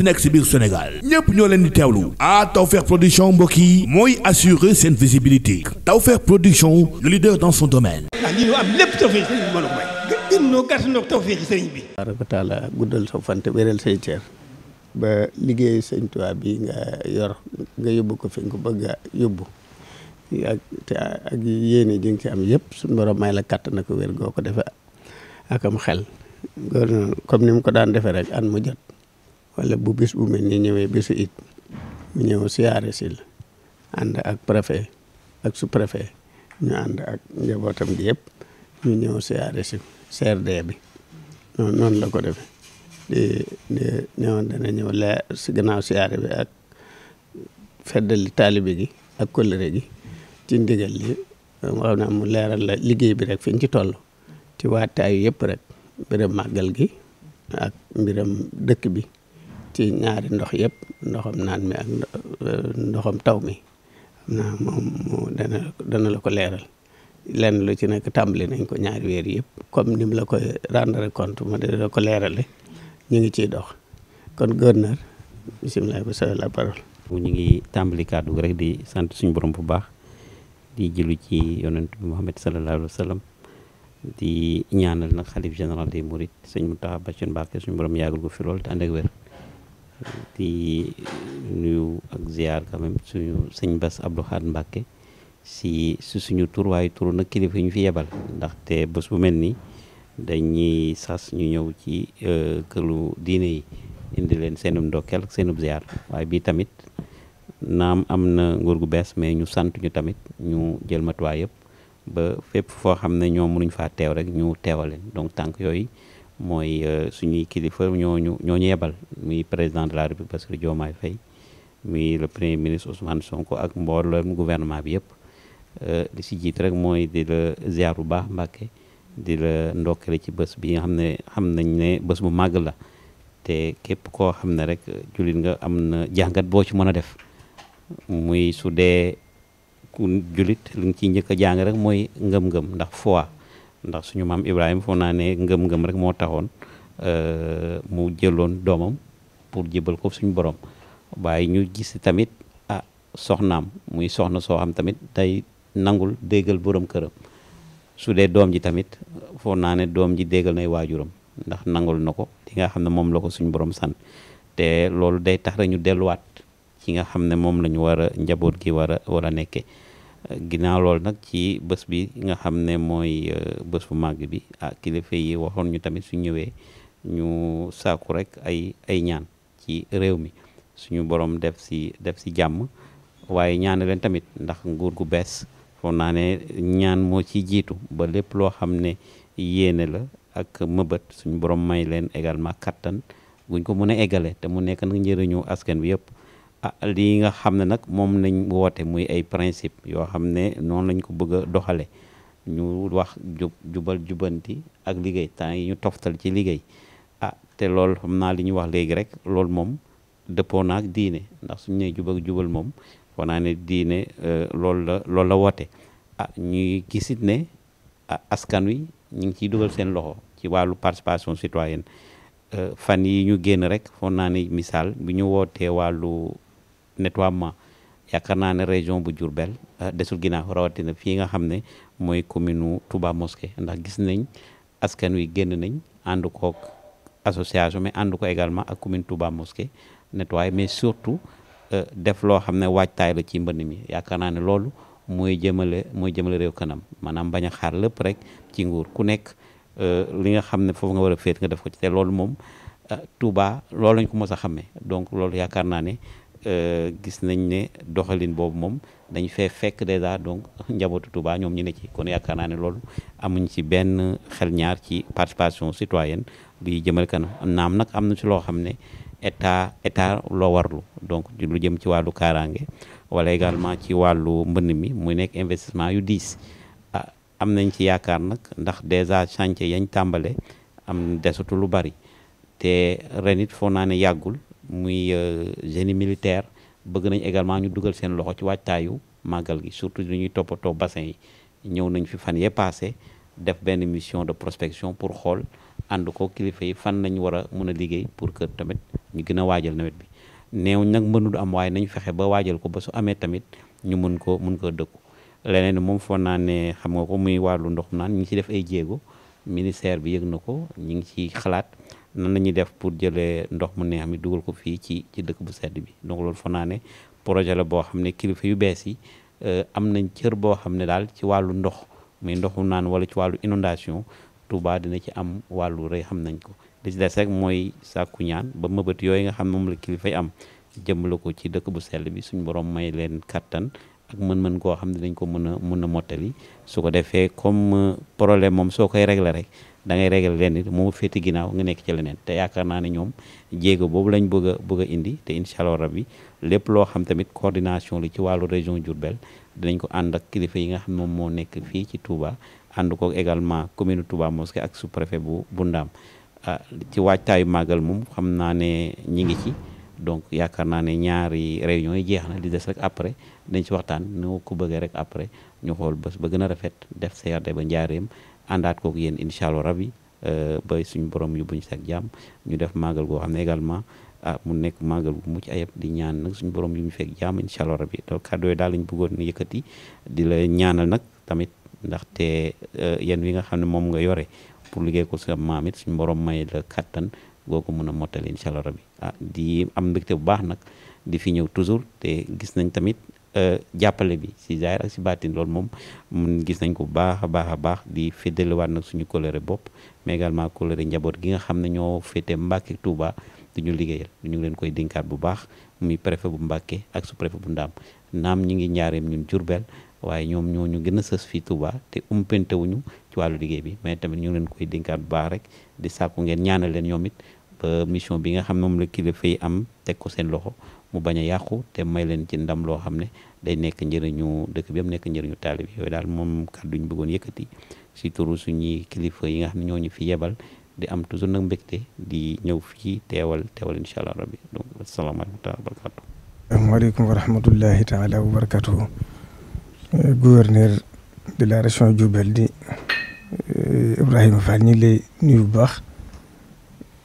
munti nekk si biir Sénégal ñépp ñoo leen di teewlu ah Tawfekh production mbokk yi mooy assurer seen visibilité Tawfekh production le leader dans son domaine. ah lii ñu am lépp Tawfekh sëriñ bi a may. gën noo gàtt noo Tawfekh sëriñ bi. ba liggéey sëñ bi nga yor nga yóbbu ko fi nga ko bëgg a yóbbu. ak te ak yéene ji ci am yëpp suñ borom may la kàtt na ko wér goo ko defee akam xel comme ni mu ko daan defee rek an mu jot wala bu bis bu mel ni ñëwee bisu it mu ñëw siyaare si la ak préfet ak sous-préfet ñu ànd ak njabootam gi yëpp ñu ñëw siyaare si CRD bi noonu noonu la ko defee di di ñëwoon dana ñëw la si gannaaw siyaare bi ak feddali taalibe gi ak kóllëre gi ci ndigal li waaw naa mu leeral la liggéey bi rek fi ñu ci toll ci waataayu yëpp rek mbiram màggal gi ak mbiram dëkk bi ñaari ndox yëpp ndoxam naan mi ak ndoxam euh, taw mi xam naa moom dana dana la ko leeral lenn lu ci nekk tàmbali nañ ko ñaari weer yëpp comme nim la ko koy rek compte ma dina la ko leerale ñu ngi ciy dox kon gouverneur bisimilah vous avez la parole. ñu ngi tàmbali kàddu rek di sant suñu borom bu baax di jëlu ci yonent bi Muhammad sallallahu alayhi wa sallam di ñaanal nag xalif général des Mourides sëñ Mountakha Bachir Mbacké suñu borom yàggal ko fi lool te ànd ak wér. di nuyu ak ziar quand même suñu sëñ Bass Abdou Khadre si su suñu tur waaye turu nag kilifa ñu fi yebal ndaxte bés bu mel nii dañuy sas ñu ñëw ci euh, këlu diine yi indi leen seenum ndokkeel ak seenum waaye bii tamit naam am na nguur gu bees mais ñu santuñu tamit ñu jël matuwaay yëpp ba fepp foo xam ne ñoom mënuñ faa teew rek ñu teewaleen donc tànk yooyu mooy euh, suñuy kilifa ñooñu ñooñu yebal muy président de la république Bassirou Diomaye fay muy le premier ministre Ousmane Sonko ak mu gouvernement bi yëpp euh, li si jiit rek mooy di la ziar bu baax Mbàkke di la ndokkale ci bës bi nga xam ne xam nañ ne bës bu màgg la te képp koo xam ne rek jullit nga am na jàngat boo ci mën a def muy su dee ku jullit li nga ciy njëkk a jàng rek mooy ngëm-ngëm ndax fois ndax suñu maam Ibrahima foog naa nee ngëm-ngëm rek moo taxoon euh, mu jëloon doomam pour jébal ko suñu borom waaye ñu gis tamit a ah, soxnaam muy soxna soo xam tamit tey nangul déggal borom këram su dee doom ji tamit foog naa ne doom ji déggal nay waajuram ndax nangul na ko li nga xam ne moom la ko suñu borom san te loolu day tax rek ñu delluwaat ci nga xam ne moom la ñu war a njaboot gi war a war a nekkee ginnaaw loolu nag ci bës bi nga xam ne mooy euh, bés bu màgg bi ah kilifa yi waxoon ñu tamit su ñëwee ñu sàkku rek ay ay ñaan ci réew mi suñu borom def si def si jàmm waaye ñaan leen tamit ndax nguur gu bees foog naa ne ñaan moo ci jiitu ba lépp loo xam ne yéene la ak mëbët suñu borom may leen également kattan guñ ko mun a égale te mu nekk nag njëriñu askan bi yëpp ah lii nga xam ne nag moom lañ woote muy ay principe yoo xam ne noonu lañ ko bëgg a doxale ñu wax jub jubal jubanti ak liggéey temps yi ñu toftal ci liggéey ah te lool xam naa li ñu wax léegi rek loolu moom dëppoo naag diine ndax suñu nee jub jubal moom foo naa ne diine euh, loolu la loolu la woote ah ñuy gisit ne ah, askan wi ñu ngi ciy dugal seen loxo ci wàllu participation citoyenne euh, fan yi ñu génn rek foo naa ne misaal bi ñu wootee wàllu nettoiement yaakaar naa ne région bu jur Diourbel euh, desul ginnaaw rawatina fii nga xam ne mooy commune u Touba Mosquée ndax gis nañ askan wi génn nañ ànd kook association mais ànd ko également ak commune Touba Mosquée nettoyer mais surtout euh, def loo xam ne waajtaay la ci mbënn mi yaakaar naa ne loolu mooy jëmale mooy jëmale réew kanam maanaam bañ a xaar lépp rek ci nguur ku nekk euh, li nga xam ne foofu nga wara a féet nga def ko ci te loolu moom Touba loolu lañ ko mos a xamee donc loolu yaakaar naa ne Euh, gis nañ ne doxalin boobu moom dañ fee fekk dèjà donc njabootu Touba ñoom ñu ne ci kon yaakaar naa ne loolu amuñ ci benn xel ñaar ci participation citoyenne bi jëmal kanam naam nag am na ci loo xam ne état état loo warlu donc lu jëm ci wàllu kaaraange wala également ci wàllu mbënn mi muy nekk investissement yu diis ah am nañ ci yaakaar nag ndax dèjà chantier yañ tàmbale am desutu lu bari te ren it foo naa ne yàggul. muy euh, génie militaire bëgg nañ également ñu dugal seen loxo ci waajtaayu màggal gi surtout lu ñuy toppatoo bassin yi ñëw nañ fi fan yee passé def benn mission de prospection pour xool ànd ko kilifa yi fan nañ war a mën a liggéey pour que tamit ñu gën a waajal nawet bi néew nag mënul am waaye nañ fexe ba waajal ko ba su amee tamit ñu mun ko mun koo dëkku leneen moom foog naa ne xam nga ko muy wàllu ndox naan ñu ngi ci def ay jéego ministère bi yëg na ko ñu ngi ci xalaat nan la ñuy def pour jëlee ndox mu ne mi dugal ko fii ci ci dëkk bu sedd bi donc loolu foog ne projet la boo xam ne kilifa yu bees yi euh, am nañ cër boo xam ne daal ci wàllu ndox muy ndoxu naan wala ci wàllu inondation tubaa dina ci am wàllu rey xam nañ ko li ci des rek mooy sàkku ñaan ba mëbët yooyu nga xam ne moom la kilifa yi am jëmale ko ci dëkk bu sell bi suñ borom may leen kàttan ak mën-mën koo xam ne dañ ko mën a mën a mottali su ko defee comme euh, problème moom soo koy régler rek dangay ngay réglé leen it mooma féeti ginnaaw nga nekk ci leneen te yaakaar naa ne ñoom jéego boobu lañu bëgg bëgg indi te incha allah rabbi lépp loo xam tamit coordination li ci wàllu région Diourbel dinañ ko ànd ak kilifa yi nga xam moom moo nekk fii ci Touba ànd ko également commune Touba Mosquée ak sous bu bu Ndaam ah, ci waajtaayu màggal moom xam naa ne ñi ngi ci donc yaakaar naa ne ñaari réunion yi jeex na li des rek après dañ ci waxtaan ni ko bëggee rek après ñu xool bés ba gën a rafet def CRD ba njaareem àndaat kook yéen incha allah rabbi euh, ba suñu borom yóbbu ñu sax jàmm ñu def màggal goo xam ne également ah, mu nekk màggal gu mucc ayib di ñaan nag suñu borom yu ñu fekk jàmm incha allah rabbi donc kàddu yooyu daal lañ bëggoon yëkkati di la ñaanal nag tamit ndaxte euh, yéen wi nga xam ne moom nga yore pour liggéey ko sa maam it suñu borom may la kattan goo ko mën a mottali incha allah rabbi ah, di am mbégte bu baax nag di fi ñëw toujours te gis nañ tamit Euh, jàppale bi si zaahir ak si baatin loolu moom mun gis nañ ko bu baax a baax a baax di féddaliwaat nag suñu coloré bopp mais également coloré njaboot gi nga xam ne ñoo féete Mbàkke Touba du ñu liggéeyal ñu ngi leen koy dénkaat bu baax muy préfet bu Mbàkke ak su préfet bu Ndaam naam ñi ngi ñaareem ñun Jurbel waaye ñoom ñoo ñu gën a sës fii Touba te umpente wuñu ci wàllu liggéey bi mais tamit ñu ngi leen koy dénkaat bu baax rek di sàkku ngeen ñaanal leen ñoom it mission bi nga xam ne moom la kilifa yi am teg ko seen loxo mu bañ a yàqu te may leen ci ndam loo xam ne day nekk njëriñu dëkk bi am nekk njëriñu taalib yooyu daal moom kàddu ñu bëggoon yëkkati si turu suñuy kilifa yi nga xam ne ñooñu fi yebal di am toujours nag mbégte di ñëw fii teewal teewal incha allah rabbi donc asalaamaaleykum taala wa barakaatu. asalaamaaleykum wa rahmatullahi taala euh, de la région Diourbel di euh, Ibrahima Fall ñu ngi lay nuyu baax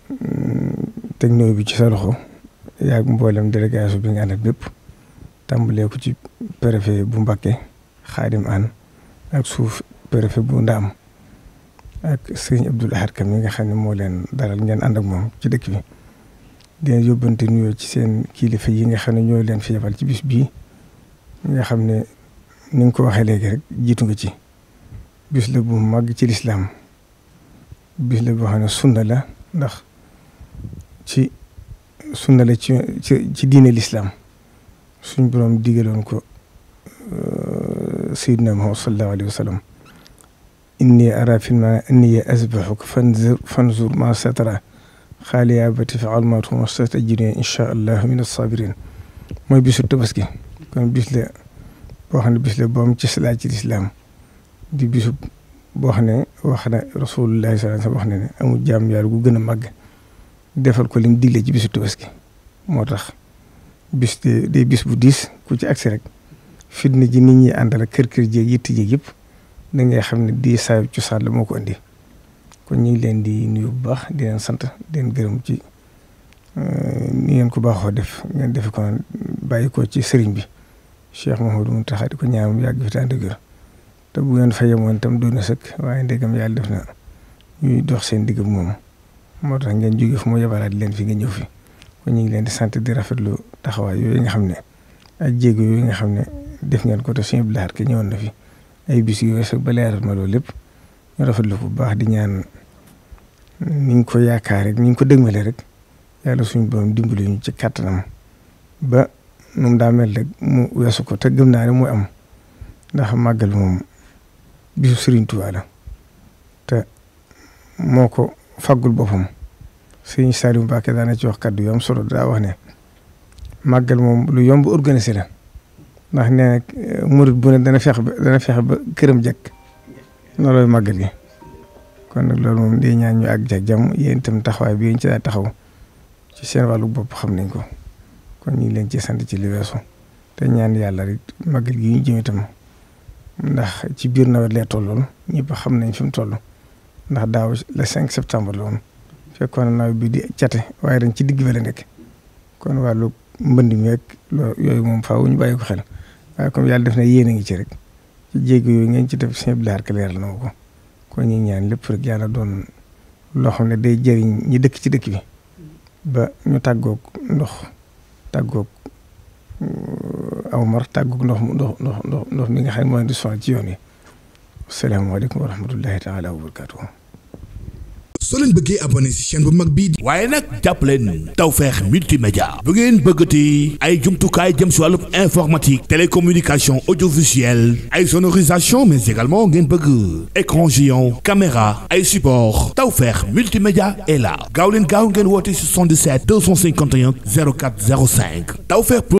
mmh, teg bi ci sa loxo. yaag mboolem délégation bi nga àndal bépp tàmbalee ko ci préfet bu Mbakke Xaadim An ak suuf préfet bu Ndaam ak sëñ Abdul Ahad Kam mi nga xam ne moo leen dalal ngeen ànd ak moom ci dëkk bi. dina yóbbante nuyoo ci seen kiilifa yi nga xam ne ñoo leen fi yebal ci bis bii nga xam ne ni nga ko waxee léegi rek jiitu nga ci. bis la bu màgg ci lislaam bis la boo xam ne sunna la ndax ci. sunna la ci ci ci diine lislaam suñ borom digaloon ko euh, sayyidina Muhammad sallallahu alayhi wa sallam inni ara fi ma anni azbahuka fanzur fanzur ma satara xaali yaa bati fa alma tuma satajiduni incha allah min as-sabirin bisu tabaski kon bis la boo xam boom ci salaa lislaam di bisu boo xam ne wax na rasulullahi sallallahu alayhi wa sallam jaam yàlla gu gën a màgg defal ko lim digle ci bisu Tabaski moo tax bis day bis bu diis ku ci agsi rek fitna ji nit ñi àndal ak kër kër jéeg yitti jéeg yëpp da ngay xam ne di saayu cosaan la moo ko indi kon ñu ngi leen di nuyu bu baax di sant di gërëm ci euh, ni ngeen ko baaxoo def ngeen defe ko bàyyi ko ci sëriñ bi Cheikh Mouhamadou Mountakha di ko ñaanam yàgg fi tànd gër te bu ngeen fa yemoon itam doon na sëkk waaye ndegam yàlla def na ñuy dox seen digg moom moo tax ngeen jóge fu mu yebalaat leen fi nga ñëw fi ñu ngi leen di sant di rafetlu taxawaay yooyu nga xam ne ak jéego yooyu nga xam ne def ngeen ko te suñu bilaar ke ñëwoon na fi ay bis yu weesu ba leeral ma loolu lépp ñu rafetlu bu baax di ñaan niñ ko yaakaar rek niñ ko dëgmale rek yàlla suñu borom dimbali ci kàttanam ba nu mu daa mel rek mu weesu ko te gëm naa ne am ndax màggal moom bisu Sëriñ Tuubaa la te moo ko faggul boppam sëñ Saliou Mbacke daan na ci wax kaddu yu am solo daa wax ne màggal moom lu yomb organisé ndax nee na eh, murit bu ne dana fex ba dana ba këram jekk loolooy màggal gi kon nag loolu moom day ñaan ñu àgg jam jàmm yéen itam taxawaay bi yéen ci daa taxaw ci seen wàllu bopp xam nañ ko kon ñu ngi leen ci sant ci li weesu te ñaan yàlla rek màggal gi ñu tam itam ndax ci biir nawet lay tolloon ñëpp xam nañ fi mu toll ndax daaw la 5 septembre la woon. fekkoon nawet bi di cate waaye ren ci digg ba la nekk kon wàllu mbënd mi ak yooyu moom faaw ñu bàyyi ko xel waaye comme yàlla def na yéen a ngi ci rek ci jéeg yooyu ngeen ci def seen bilaar ka la na ko kon ñu ñaan lépp rek yàlla doon loo xam ne day jëriñ ñi dëkk ci dëkk bi ba ñu tàggoog ndox tàggoog euh, aw mar tàggoog ndox ndox ndox ndox mi nga xam ne mooy di sonn ci yoon yi salaamaaleykum wa rahmatullahi taala wa barakaatuhu soo leen bëggee abonné ci chaîne bu mag bii waaye nag jàpp leen Tawfekh multimédia bu ngeen bëgg bëggati ay jumtukaay jëm si wàllu informatique télécommunication audiovisuelle ay sonorisation mais également ngeen bëgg écran géant caméra ay support Tawfekh multimédia est la gaaw leen gaaw ngeen woote 77 251 04 05 Tawfekh